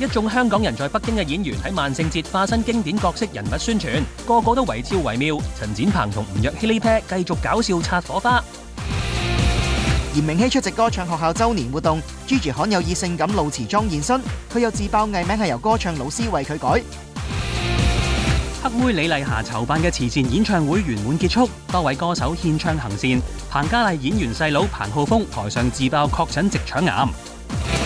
一眾香港人在北京嘅演員喺萬聖節化身經典角色人物宣傳，個個都惟肖惟妙。陳展鵬同吳若希呢 pair 繼續搞笑擦火花。嚴明熙出席歌唱學校週年活動，Gigi 罕有以性感露臍裝現身，佢又自爆藝名係由歌唱老師為佢改。黑妹李麗霞籌辦嘅慈善演唱會圓滿結束，多位歌手獻唱行善。彭嘉麗演員細佬彭浩峰台上自爆確診直腸癌。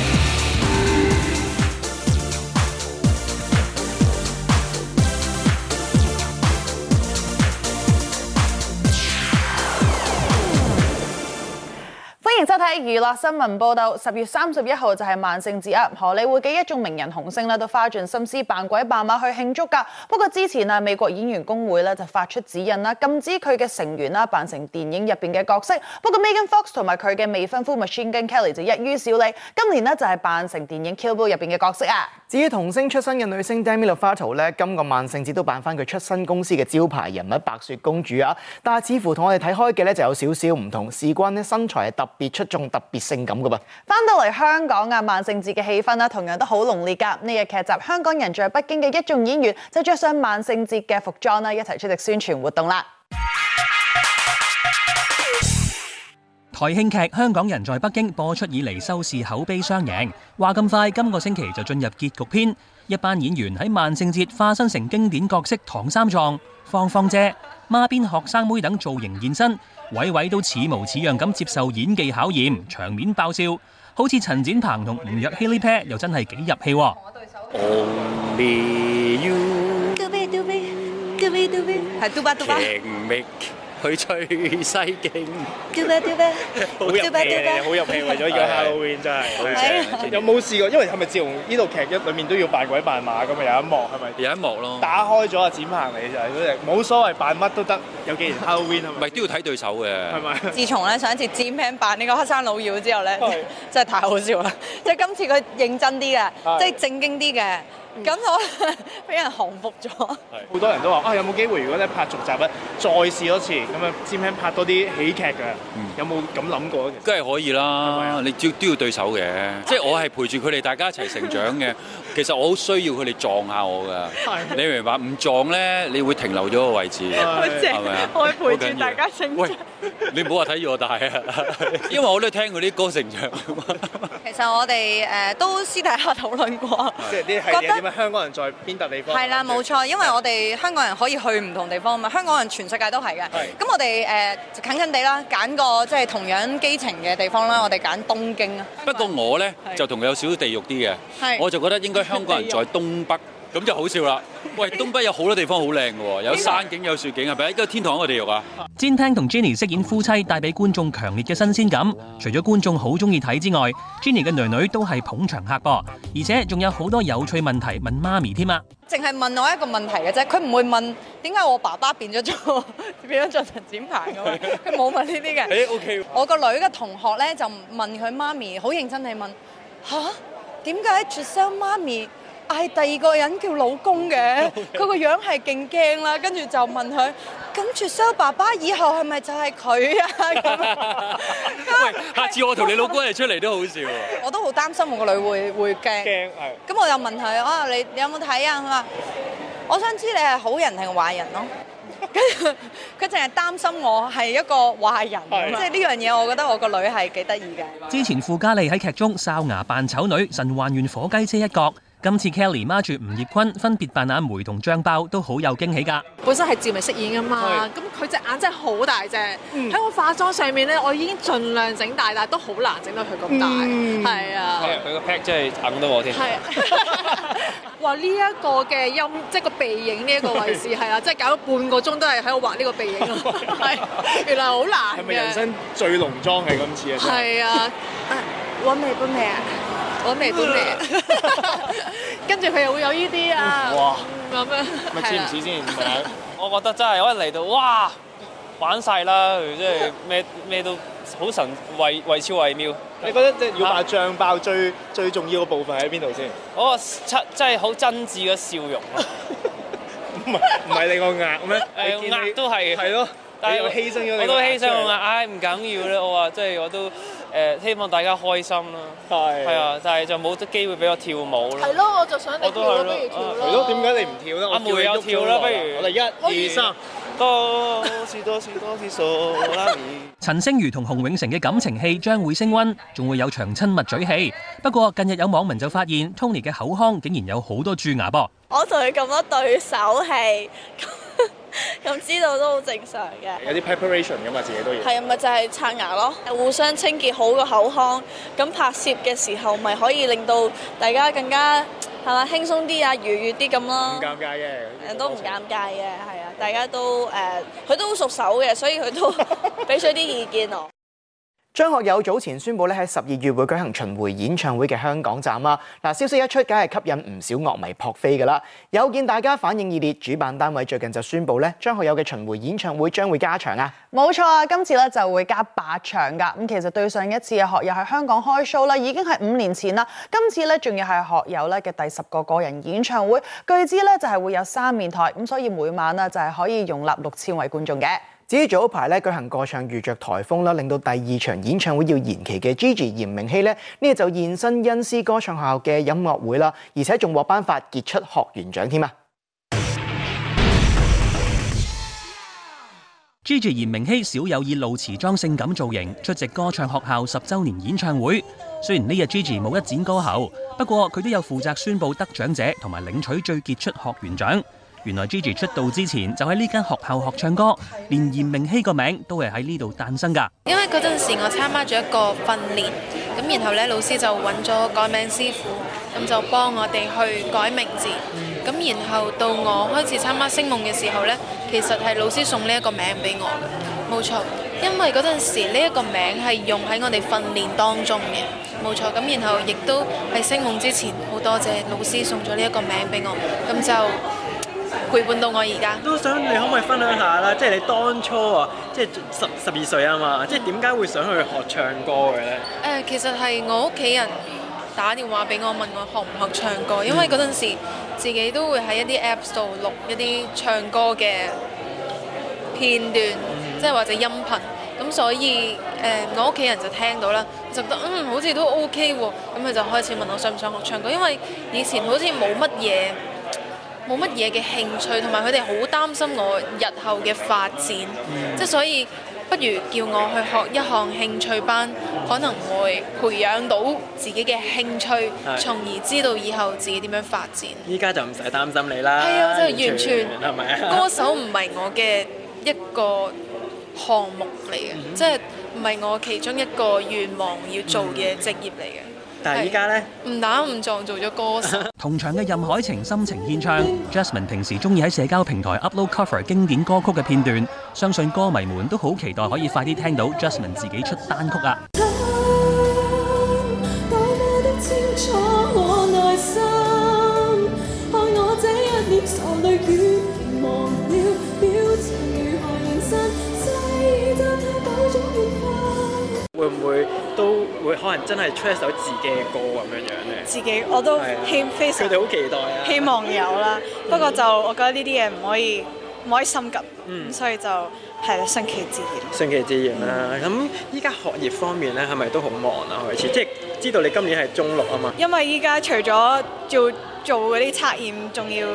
娛樂新聞報道，十月三十一號就係萬聖節啊！荷里活嘅一眾名人紅星咧、啊、都花盡心思扮鬼扮馬、啊、去慶祝噶。不過之前啊，美國演員工會咧、啊、就發出指引啦、啊，禁止佢嘅成員啦、啊、扮成電影入邊嘅角色。不過 Megan Fox 同埋佢嘅未婚夫 Machine Gun Kelly 就一於少理，今年呢就係、是、扮成電影 Kill Bill 入邊嘅角色啊！至於童星出身嘅女星 Demi Lovato 咧，今個萬聖節都扮翻佢出身公司嘅招牌人物白雪公主啊！但係似乎同我哋睇開嘅咧就有少少唔同，事關咧身材係特別出眾、特別性感嘅噃。翻到嚟香港啊，萬聖節嘅氣氛啦，同樣都好濃烈㗎。呢個劇集香港人在北京嘅一眾演員就着上萬聖節嘅服裝啦，一齊出席宣傳活動啦。台慶劇《香港人在北京》播出以嚟收視口碑雙贏，話咁快今個星期就進入結局篇。一班演員喺萬聖節化身成經典角色唐三藏、芳芳姐、孖邊學生妹等造型現身，位位都似模似樣咁接受演技考驗，場面爆笑。好似陳展鵬同吳若希呢 pair 又真係幾入戲。佢最西勁，吊咩吊咩，好入戲嘅，好入戲，為咗 Halloween 真係。有冇試過？因為係咪自從呢套劇一裏面都要扮鬼扮馬，咁咪有一幕係咪？有一幕咯。打開咗啊，展鵬你就係冇所謂扮乜都得，有幾年 Halloween 係咪？唔係都 要睇對手嘅，係咪？是是 自從咧上一次展鵬扮呢個黑山老妖之後咧， 真係太好笑啦！即係今次佢認真啲嘅，即係、就是、正經啲嘅。咁我俾人降服咗。係好多人都話：啊，有冇機會？如果咧拍續集咧，再試多次咁樣，漸輕拍多啲喜劇嘅、嗯。有冇咁諗過？梗係可以啦，你都，都要對手嘅。 即係我係陪住佢哋，大家一齊成長嘅。 其實我好需要佢哋撞下我㗎，你明白？唔撞咧，你會停留咗個位置。好謝，我陪住大家成長。你唔好話睇住我大啊，因為我都係聽佢啲歌成長㗎嘛。其實我哋誒都私底下討論過。即係啲係嘢點樣？香港人在邊笪地方？係啦，冇錯，因為我哋香港人可以去唔同地方啊嘛。香港人全世界都係嘅。咁我哋誒就近近地啦，揀個即係同樣基情嘅地方啦。我哋揀東京啊。不過我咧就同佢有少少地獄啲嘅，我就覺得應該。香港人在東北，咁就好笑啦！喂，東北有好多地方好靚嘅喎，有山景有雪景啊，係咪？一個天堂，一個地獄啊！詹廳同 Jenny 飾演夫妻，帶俾觀眾強烈嘅新鮮感。除咗觀眾好中意睇之外，Jenny 嘅女女都係捧場客噃，而且仲有好多有趣問題問媽咪添啊！淨係問我一個問題嘅啫，佢唔會問點解我爸爸變咗做變咗做陳展鵬嘅，佢冇問呢啲嘅。誒 OK，我個女嘅同學咧就問佢媽咪，好認真地問嚇。點解 Giselle 媽咪嗌第二個人叫老公嘅？佢個樣係勁驚啦，跟住就問佢：咁 Giselle 爸爸以後係咪就係佢啊？咁 啊 喂！ 下次我同你老公一齊出嚟都好笑，笑我都好擔心我個女會會驚。驚係。咁我又問佢：啊，你你有冇睇啊？佢話：我想知你係好人定壞人咯。佢佢淨係擔心我係一個壞人，即係呢樣嘢，我覺得我個女係幾得意嘅。之前傅嘉莉喺劇中哨牙扮醜女，神還原火雞車一角。今次 Kelly 孖住吳業坤，分別扮阿梅同張包，都好有驚喜噶。本身係趙薇飾演噶嘛，咁佢隻眼真係好大隻。喺、嗯、我化妝上面咧，我已經盡量整大，大，但係都好難整到佢咁大。係、嗯、啊，佢個 pack 真係大到我添。係， 哇！呢、這、一個嘅音，即係個鼻影呢一個位置，係啊，即係搞咗半個鐘都係喺度畫呢個鼻影咯。係， 原嚟好難嘅。係咪人生最濃妝係咁次啊？係 啊，我美不美啊？我未都嚟，跟住佢又會有呢啲啊哇、嗯，哇似似，咁樣咪似唔似先？唔係，我覺得真係我一嚟到，哇，玩晒啦，即係咩咩都好神，為為超為妙。你覺得即係要拍醬爆最、啊、最重要嘅部分喺邊度先？嗰個七真係好真摯嘅笑容。 唔係唔係你個額咩？誒、 呃、額都係，係咯，但係犧牲咗。你都犧牲我額，唉、哎、唔緊要啦，我話即係我都。誒希望大家開心啦，係，係啊，但係就冇得機會俾我跳舞咯。係咯，我就想你跳咯，不如跳咯。點解你唔跳咧？阿梅有跳啦，不如我哋一、二、三，多是多是多是數啦。陳星如同洪永城嘅感情戲將會升溫，仲會有場親密嘴戲。不過近日有網民就發現，Tony 嘅口腔竟然有好多蛀牙噃。我同佢咁多對手戲。咁 知道都好正常嘅，有啲 preparation 咁嘛，自己都要係啊，咪就係刷牙咯，互相清潔好個口腔，咁拍攝嘅時候咪可以令到大家更加係嘛輕鬆啲啊，愉悦啲咁咯。唔尷尬嘅，人都唔尷尬嘅，係啊，大家都誒，佢、呃、都好熟手嘅，所以佢都俾咗啲意見我。 張學友早前宣布，咧喺十二月會舉行巡迴演唱會嘅香港站啊！嗱，消息一出，梗係吸引唔少樂迷撲飛噶啦。有見大家反應熱烈，主辦單位最近就宣布咧，張學友嘅巡迴演唱會將會加場啊！冇錯啊，今次咧就會加八場噶。咁其實對上一次嘅學友喺香港開 show 咧已經係五年前啦。今次咧仲要係學友咧嘅第十個個人演唱會。據知咧就係會有三面台，咁所以每晚咧就係可以容納六千位觀眾嘅。至於早排咧舉行歌唱遇着颱風啦，令到第二場演唱會要延期嘅 Gigi 炎明熹咧，呢日就現身恩師歌唱學校嘅音樂會啦，而且仲獲頒發傑出學員獎添啊！Gigi 炎明熹少有以露臍裝性感造型出席歌唱學校十週年演唱會，雖然呢日 Gigi 冇一展歌喉，不過佢都有負責宣佈得獎者同埋領取最傑出學員獎。原來 Gigi 出道之前就喺呢間學校學唱歌，連嚴明熙個名都係喺呢度誕生㗎。因為嗰陣時我參加咗一個訓練，咁然後呢老師就揾咗改名師傅，咁就幫我哋去改名字。咁然後到我開始參加聲夢嘅時候呢，其實係老師送呢一個名俾我。冇錯，因為嗰陣時呢一個名係用喺我哋訓練當中嘅。冇錯，咁然後亦都喺聲夢之前好多謝老師送咗呢一個名俾我，咁就。陪伴到我而家，都想你可唔可以分享下啦？即係你當初啊，即係十十二歲啊嘛，即係點解會想去學唱歌嘅咧？誒，其實係我屋企人打電話俾我問我學唔學唱歌，因為嗰陣時自己都會喺一啲 Apps 度錄一啲唱歌嘅片段，即係或者音頻，咁所以誒，我屋企人就聽到啦，就覺得嗯好似都 OK 喎，咁佢就開始問我想唔想學唱歌，因為以前好似冇乜嘢。冇乜嘢嘅興趣，同埋佢哋好擔心我日後嘅發展，即、嗯、係、即係、所以不如叫我去學一項興趣班，嗯，可能會培養到自己嘅興趣，從、嗯、而知道以後自己點樣發展。依家就唔使擔心你啦。係啊，就完全，完全，係吧？歌手唔係我嘅一個項目嚟嘅，即係唔係我其中一個願望要做嘅職業嚟嘅。嗯但係依家咧，唔打唔撞做咗歌手。 同場嘅任海晴心情獻唱。Jasmine 平時中意喺社交平台 upload cover 經典歌曲嘅片段，相信歌迷們都好期待可以快啲聽到 Jasmine 自己出單曲啊！會唔會？會可能真係出一首自己嘅歌咁樣樣咧。自己我都希非常佢哋好期待啊，啊、希望有啦。 不過就我覺得呢啲嘢唔可以唔可以心急，嗯、所以就係順其自然、啊。順其自然啦、啊。咁依家學業方面咧，係咪都好忙啊？開始即係知道你今年係中六啊嘛。因為依家除咗做做嗰啲測驗，仲要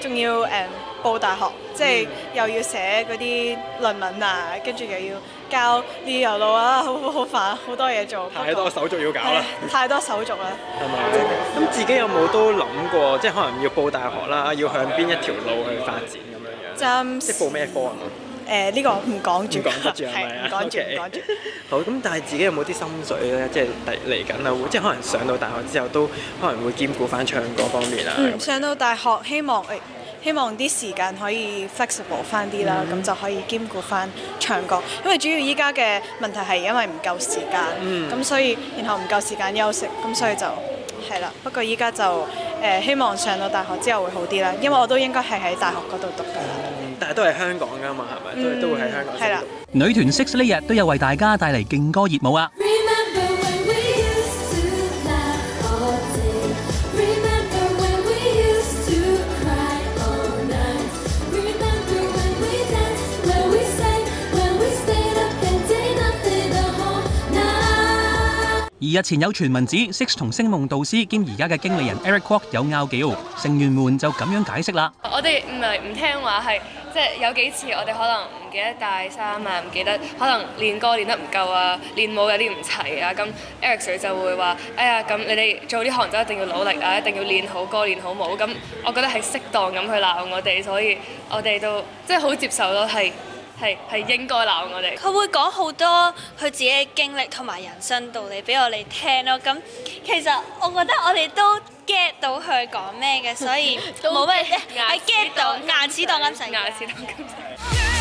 仲要誒、嗯、報大學，即係又要寫嗰啲論文啊，跟住又要。教自由路啊，好好好煩，好多嘢做，太多手續要搞啦，太多手續啦。係咪？咁自己有冇都諗過，即係可能要報大學啦，要向邊一條路去發展咁樣樣？即係報咩科啊？誒、呃、呢、呢個唔講住，唔、嗯、講得住係啊，講住講住。 好，咁，但係自己有冇啲心水咧？即係嚟緊啊，即係可能上到大學之後都可能會兼顧翻唱歌方面啊、嗯。上到大學希望誒。哎希望啲時間可以 flexible 翻啲啦，咁、嗯、就可以兼顧翻唱歌。因為主要依家嘅問題係因為唔夠時間，咁、嗯、所以然後唔夠時間休息，咁所以就係啦。不過依家就誒、呃、希望上到大學之後會好啲啦，因為我都應該係喺大學嗰度讀、嗯嗯、讀。但係都係香港㗎嘛，係咪？都會喺香港讀。係啦，女團 Six 呢日都有為大家帶嚟勁歌熱舞啊！而日前有傳聞指 Six 同星夢導師兼而家嘅經理人 Eric Kwok 有拗撬，成員們就咁樣解釋啦。我哋唔係唔聽話，係即係有幾次我哋可能唔記得帶衫啊，唔記得可能練歌練得唔夠啊，練舞有啲唔齊啊，咁 Eric 品就會話，哎呀，咁你哋做呢行就一定要努力啊，一定要練好歌練好舞，咁我覺得係適當咁去鬧我哋，所以我哋都即係好接受咯，係。係係應該鬧我哋。佢會講好多佢自己嘅經歷同埋人生道理俾我哋聽咯。咁其實我覺得我哋都 get 到佢講咩嘅，所以冇咩嘅，係 get 到，牙齒當金使。牙齒當金使。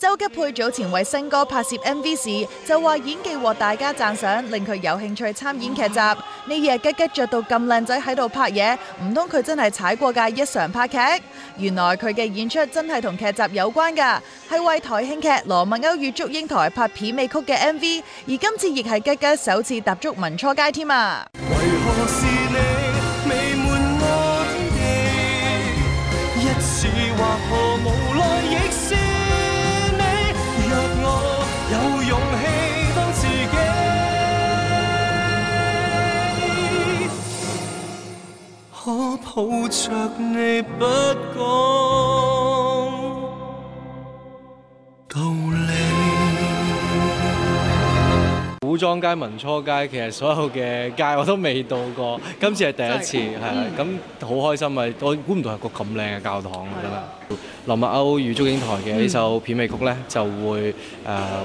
周吉佩早前為新歌拍攝 MV 時，就話演技獲大家讚賞，令佢有興趣參演劇集。呢日吉吉着到咁靚仔喺度拍嘢，唔通佢真係踩過界一嘗拍劇？原來佢嘅演出真係同劇集有關㗎，係為台慶劇《羅密歐與祝英台》拍片尾曲嘅 MV，而今次亦係吉吉首次踏足文初街添啊！抱着你不講道理。古裝街、文初街，其實所有嘅街我都未到過，今次係第一次，係啊，咁好開心啊！我估唔到係個咁靚嘅教堂，係咪？羅密歐與祝英台嘅呢首片尾曲咧，就會誒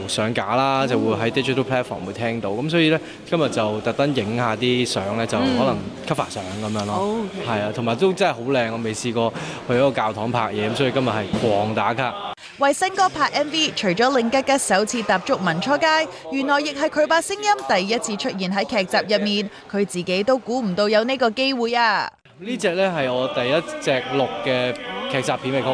上架啦，就會喺 digital platform 會聽到。咁所以咧，今日就特登影下啲相咧，就可能 cover 相咁樣咯。好、嗯，係、okay、啊，同埋都真係好靚，我未試過去個教堂拍嘢，咁所以今日係狂打卡。為新歌拍 MV，除咗令吉吉首次踏足文初街，原來亦係佢把聲音第一次出現喺劇集入面。佢自己都估唔到有呢個機會啊！呢隻咧係我第一隻錄嘅劇集片尾曲。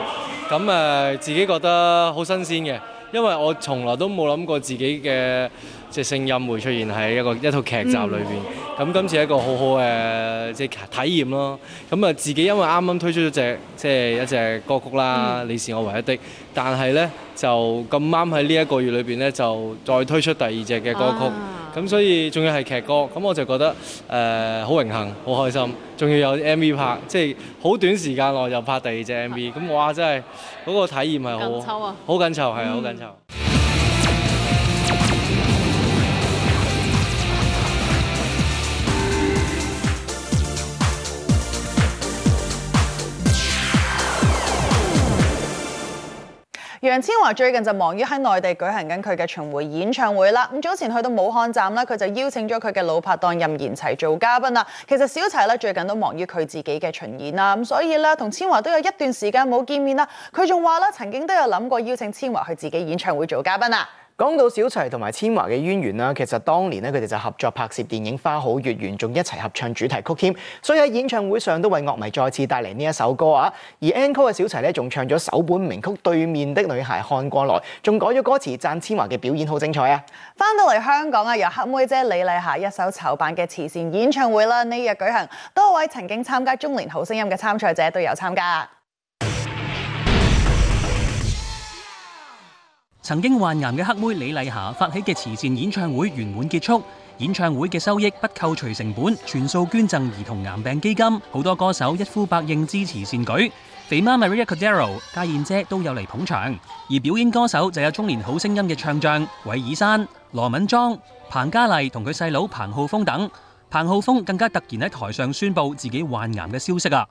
咁誒、呃，自己覺得好新鮮嘅，因為我從來都冇諗過自己嘅即係聲音會出現喺一個一套劇集裏邊。咁、嗯、今次係一個好好嘅即係體驗咯。咁啊，自己因為啱啱推出咗隻即係一隻歌曲啦，嗯《你是我唯一的》，但係，但係呢就咁啱喺呢一個月裏邊呢，就再推出第二隻嘅歌曲。啊咁所以仲要係劇歌，咁我就覺得誒好、呃、榮幸、好開心，仲要有啲 MV 拍，嗯、即係好短時間內又拍第二隻 MV，咁、嗯、哇真係嗰、嗰個體驗係好緊湊啊！好緊湊，係啊，好緊湊。嗯楊千嬅最近就忙於喺內地舉行緊佢嘅巡迴演唱會啦。咁早前去到武漢站啦，佢就邀請咗佢嘅老拍檔任賢齊做嘉賓啦。其實小齊咧最近都忙於佢自己嘅巡演啦，咁所以咧同千嬅都有一段時間冇見面啦。佢仲話咧曾經都有諗過邀請千嬅去自己演唱會做嘉賓啊。講到小齊同埋千嬅嘅淵源啦，其實當年咧佢哋就合作拍攝電影《花好月圓》，仲一齊合唱主題曲添，所以喺演唱會上都為樂迷再次帶嚟呢一首歌啊！而 Encore 嘅小齊咧，仲唱咗首本名曲《對面的女孩看過來》，仲改咗歌詞，讚千嬅嘅表演好精彩啊！翻到嚟香港啊，由黑妹姐李麗霞一手籌辦嘅慈善演唱會啦，呢日舉行，多位曾經參加中年好聲音嘅參賽者都有參加。曾經患癌嘅黑妹李麗霞發起嘅慈善演唱會圓滿結束，演唱會嘅收益不扣除成本，全數捐贈兒童癌病基金。好多歌手一呼百應支持善舉，肥媽 Maria Cordero、家燕姐都有嚟捧場。而表演歌手就有中年好聲音嘅唱將韋爾山、羅敏莊、彭家麗同佢細佬彭浩峰等。彭浩峰更加突然喺台上宣布自己患癌嘅消息啊！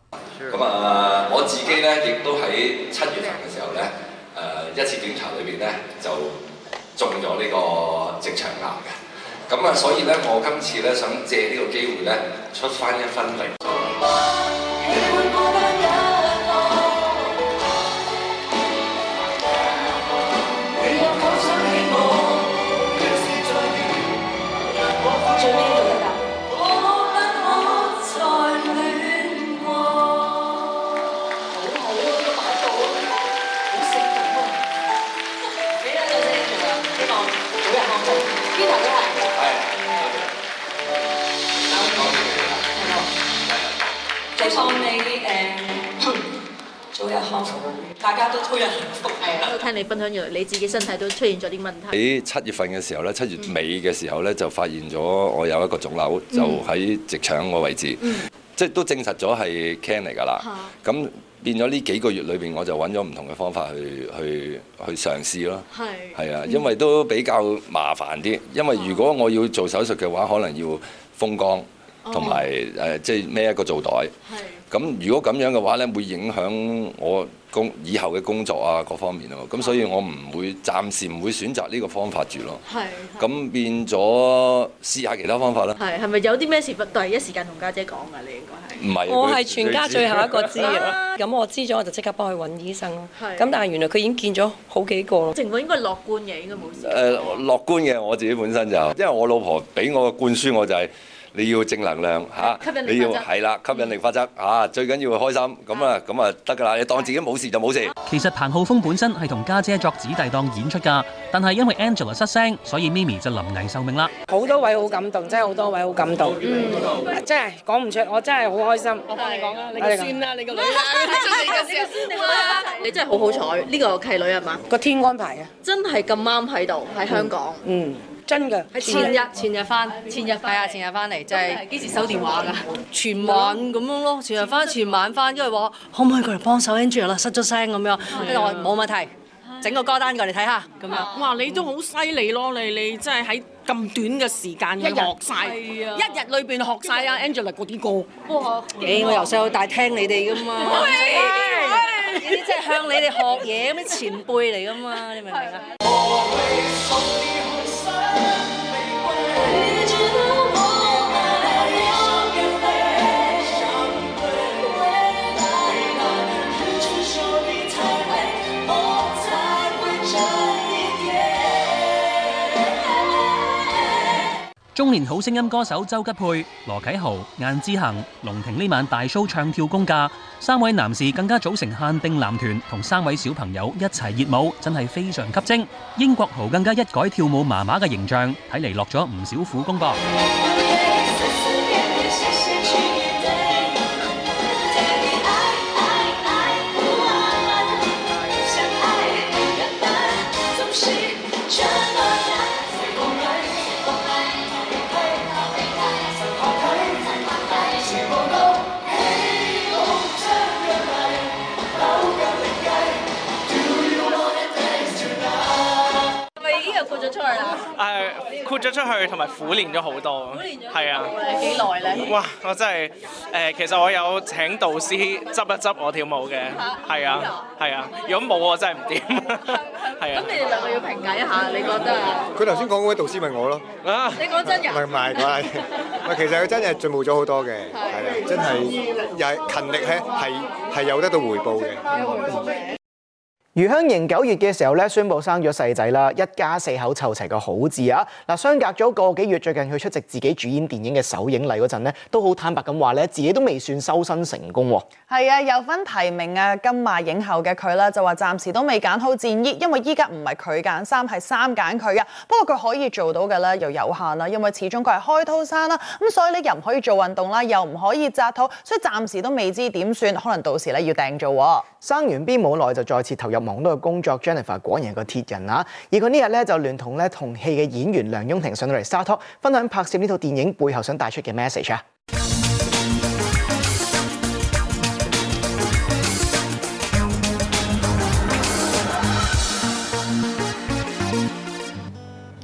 咁啊，我自己呢亦都喺七月一次檢查裏邊咧，就中咗呢個直腸癌嘅，咁啊所以咧，我今次咧想借呢個機會咧，出翻一分力。 嗯、大家都推人幸福，係等聽你分享完，你自己身體都出現咗啲問題。喺七月份嘅時候咧，七月尾嘅時候咧，就發現咗我有一個腫瘤，就喺直腸個位置，嗯、即係都證實咗係 can 嚟㗎啦。咁變咗呢幾個月裏邊，我就揾咗唔同嘅方法去去去嘗試咯。係係啊，因為都比較麻煩啲，因為如果我要做手術嘅話，可能要封肛。同埋誒，即係孭一個造袋。咁如果咁樣嘅話咧，會影響我工以後嘅工作啊，各方面咯、啊。咁所以我唔會暫時唔會選擇呢個方法住咯。係。咁變咗試下其他方法啦。係，係咪有啲咩事第一時間同家姐講啊？你應該係唔係？我係全家最後一個知咁 我知咗我就即刻幫佢揾醫生咯。咁但係原來佢已經見咗好幾個咯。情況應該樂觀嘅，應該冇事。誒樂觀嘅，我自己本身就因為我老婆俾我嘅灌輸，我就係。你要正能量嚇，你要係啦，吸引力法則嚇，最緊要開心咁啊，咁啊得噶啦，你當自己冇事就冇事。其實彭浩峰本身係同家姐作姊弟檔演出㗎，但係因為 Angela 失聲，所以咪咪就臨危受命啦。好多位好感動，真係好多位好感動，嗯，真係講唔出，我真係好開心。我幫你講啦，你算啦，你個女。你真係好好彩，呢個契女係嘛？個天安排啊！真係咁啱喺度喺香港。嗯。真嘅，前日前日翻，前日翻，係啊，前日翻嚟就係、是、幾時收電話噶？全晚咁樣咯，全日翻，全晚翻，因為我可唔可以過嚟幫手跟住 g 啦，失咗聲咁樣，跟、嗯、住、嗯、我冇、嗯、問題，整個歌單過嚟睇下咁樣、啊。哇，你都好犀利咯，你你真係喺～咁短嘅時間學晒，一日裏邊學晒啊！Angela 嗰啲歌，哇！欸、我由細到大聽你哋噶嘛，呢啲即係向你哋學嘢咁嘅前輩嚟噶嘛，你明唔明啊？中年好聲音歌手周吉佩、羅啟豪、晏之恒、龍庭呢晚大 show 唱跳功架，三位男士更加組成限定男團，同三位小朋友一齊熱舞，真係非常吸睛。英國豪更加一改跳舞麻麻嘅形象，睇嚟落咗唔少苦功噃。出去同埋苦練咗好多，苦練咗係啊，幾耐咧？哇！我真係誒、呃，其實我有請導師執一執我跳舞嘅，係啊，係啊，啊，啊。如果冇我真係唔掂。係、嗯嗯、啊。咁、嗯啊、你哋兩個要評價一下，你覺得佢頭先講嗰位導師咪我咯啊！你講真人？唔係唔係，佢係 其實佢真係進步咗好多嘅，係真係又係勤力咧，係係有得到回報嘅。余香凝九月嘅時候咧，宣布生咗細仔啦，一家四口湊齊個好字啊！嗱，相隔咗個幾月，最近佢出席自己主演電影嘅首映禮嗰陣咧，都好坦白咁話咧，自己都未算收身成功喎。係啊，有份提名啊金馬影后嘅佢啦，就話暫時都未揀好戰衣，因為依家唔係佢揀衫，係衫揀佢啊。不過佢可以做到嘅咧，又有限啦，因為始終佢係開刀生啦，咁所以你又唔可以做運動啦，又唔可以紮肚，所以暫時都未知點算，可能到時咧要訂做。生完 B 冇耐就再次投入忙多嘅工作，Jennifer 果然係個鐵人啊！而佢呢日咧就聯同咧同戲嘅演員梁雍婷上到嚟沙托，分享拍攝呢套電影背後想帶出嘅 message 啊！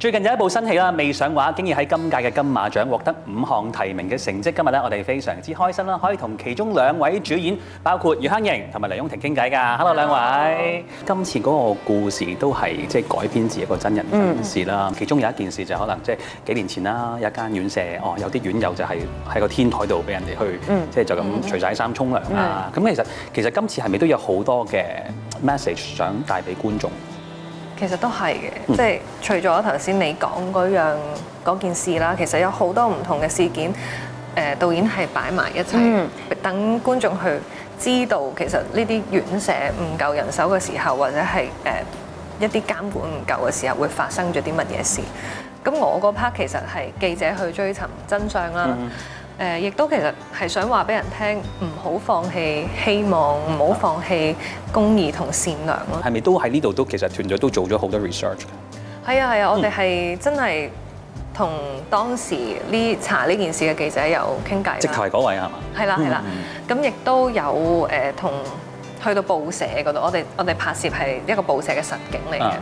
最近有一部新戲啦，未上畫，竟然喺今屆嘅金馬獎獲得五項提名嘅成績。今日咧，我哋非常之開心啦，可以同其中兩位主演，包括余香凝同埋梁雍婷傾偈㗎。Hello，兩位。今次嗰個故事都係即係改編自一個真人故事啦。其中有一件事就可能即係幾年前啦，有一間院舍，哦，有啲院友就係喺個天台度俾人哋去，即、嗯、係就咁除晒衫沖涼啊。咁、嗯、其實其實今次係咪都有好多嘅 message 想帶俾觀眾？其實都係嘅，即係除咗頭先你講嗰樣嗰件事啦，其實有好多唔同嘅事件，誒導演係擺埋一齊，嗯、等觀眾去知道其實呢啲院舍唔夠人手嘅時候，或者係誒一啲監管唔夠嘅時候，會發生咗啲乜嘢事。咁我嗰 part 其實係記者去追尋真相啦。嗯誒，亦都其實係想話俾人聽，唔好放棄希望，唔好放棄公義同善良咯。係咪都喺呢度都其實團隊都做咗好多 research？係啊，係啊，我哋係真係同當時呢查呢件事嘅記者有傾偈，直頭係嗰位係嘛？係啦係啦，咁亦都有誒同。呃去到報社嗰度，我哋我哋拍攝係一個報社嘅實景嚟嘅，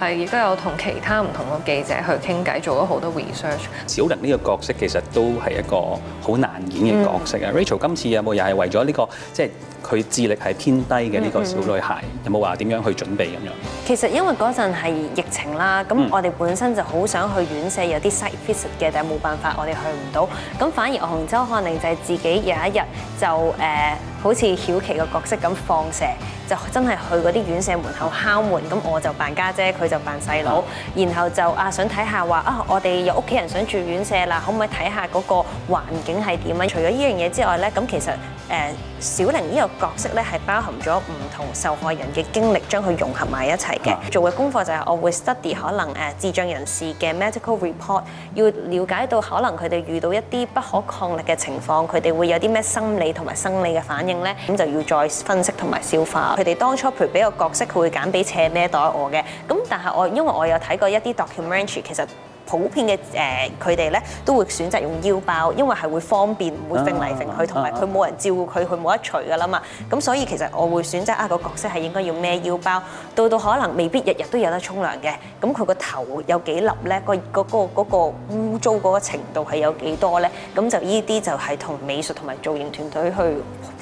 係亦都有同其他唔同嘅記者去傾偈，做咗好多 research。小玲呢個角色其實都係一個好難演嘅角色啊，嗯。Rachel 今次有冇又係為咗呢個，即係佢智力係偏低嘅呢個小女孩，有冇話點樣去準備咁樣？其實因為嗰陣係疫情啦，咁我哋本身就好想去院舍，有啲 site visit 嘅，但係冇辦法我哋去唔到，咁反而我同周漢寧就係自己有一日就誒。呃好似曉琪個角色咁放蛇，就真係去嗰啲院舍門口敲門。咁我就扮家姐，佢就扮細佬。然後就啊，想睇下話啊，我哋有屋企人想住院舍啦，可唔可以睇下嗰個環境係點樣？除咗呢樣嘢之外呢，咁其實誒。小玲呢個角色咧，係包含咗唔同受害人嘅經歷，將佢融合埋一齊嘅。做嘅功課就係我會 study 可能誒智障人士嘅 medical report，要了解到可能佢哋遇到一啲不可抗力嘅情況，佢哋會有啲咩心理同埋生理嘅反應呢？咁就要再分析同埋消化佢哋當初譬如俾個角色，佢會揀俾斜孭袋我嘅。咁但係我因為我有睇過一啲 documentary，其實。普遍嘅誒，佢哋咧都會選擇用腰包，因為係會方便，唔會揈嚟揈去，同埋佢冇人照顧佢，佢冇得除噶啦嘛。咁所以其實我會選擇啊個角色係應該要孭腰包，到到可能未必日日都有得沖涼嘅。咁佢個頭有幾粒咧？個嗰個嗰個污糟嗰個程度係有幾多咧？咁就依啲就係同美術同埋造型團隊去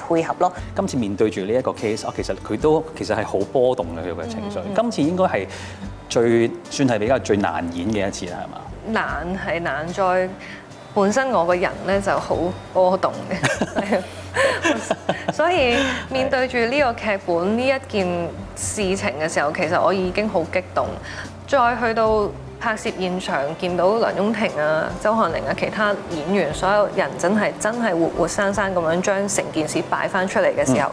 配合咯。今次面對住呢一個 case，啊，其實佢都其實係好波動嘅佢嘅情緒。今次應該係。最算係比較最難演嘅一次啦，係嘛？難係難在本身我個人呢就好波動嘅 所以面對住呢個劇本呢一件事情嘅時候，其實我已經好激動，再去到。拍攝現場見到梁雍婷啊、周漢寧啊，其他演員所有人真係真係活活生生咁樣將成件事擺翻出嚟嘅時候，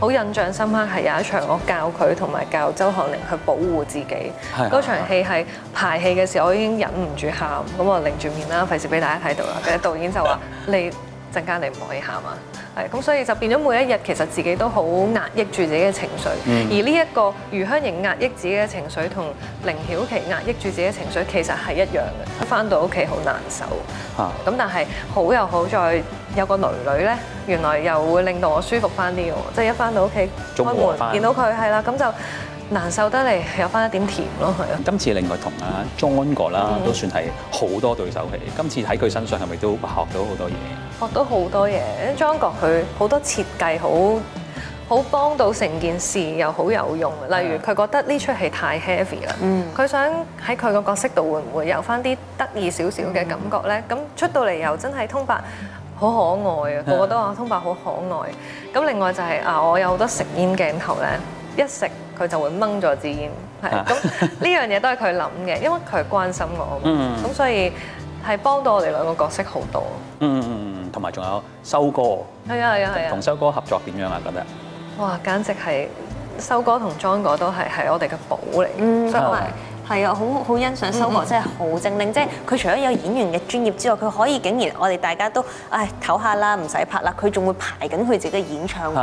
好印象深刻係有一場我教佢同埋教周漢寧去保護自己。嗰場戲係排戲嘅時候，我已經忍唔住喊，咁我擰住面啦，費事俾大家睇到啦。嘅導演就話：你陣間你唔可以喊啊！係，咁所以就變咗每一日其實自己都好壓抑住自己嘅情緒，嗯，而呢一個余香瑩壓抑自己嘅情緒同凌曉琪壓抑住自己嘅情緒其實係一樣嘅，一翻到屋企好難受好好。嚇！咁但係好又好在有個女女呢，原來又會令到我舒服翻啲嘅，即係一翻到屋企開門見到佢係啦，咁就。難受得嚟，有翻一點甜咯，係啊！今次另外同阿莊國啦，都算係好多對手戲。今次喺佢身上係咪都學到好多嘢？學到好多嘢，莊國佢好多設計好好幫到成件事，又好有用。例如佢覺得呢出戲太 heavy 啦，嗯，佢想喺佢個角色度會唔會有翻啲得意少少嘅感覺咧？咁出到嚟又真係通白，好可愛啊！個個都話通白好可愛。咁另外就係啊，我有好多食煙鏡頭咧。一食佢就會掹咗支煙，係咁呢樣嘢都係佢諗嘅，因為佢關心我嘛，咁、嗯、所以係幫到我哋兩個角色好多嗯。嗯嗯嗯，同埋仲有修哥，係啊係啊係啊，同修哥合作點樣啊？我覺得哇，簡直係修哥同莊哥都係係我哋嘅寶嚟，真、嗯、係。係啊，好好欣賞。收、嗯、博真係好精靈，即係佢除咗有演員嘅專業之外，佢可以竟然我哋大家都，唉唞下啦，唔使拍啦，佢仲會排緊佢自己嘅演唱會，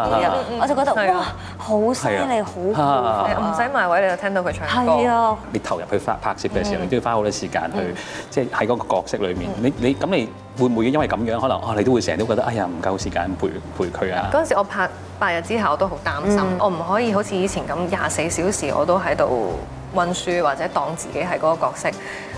我就覺得哇，好犀利，好高，唔使埋位你就聽到佢唱歌。係啊，你投入去拍攝嘅時候，你都要花好多時間去，即係喺嗰個角色裏面。你你咁，你，你，你會唔會因為咁樣，可能你都會成日都覺得，哎呀，唔夠時間陪陪佢啊？嗰陣時我拍八日之後，我都好擔心，我唔可以好似以前咁廿四小時我都喺度。運輸或者當自己係嗰個角色，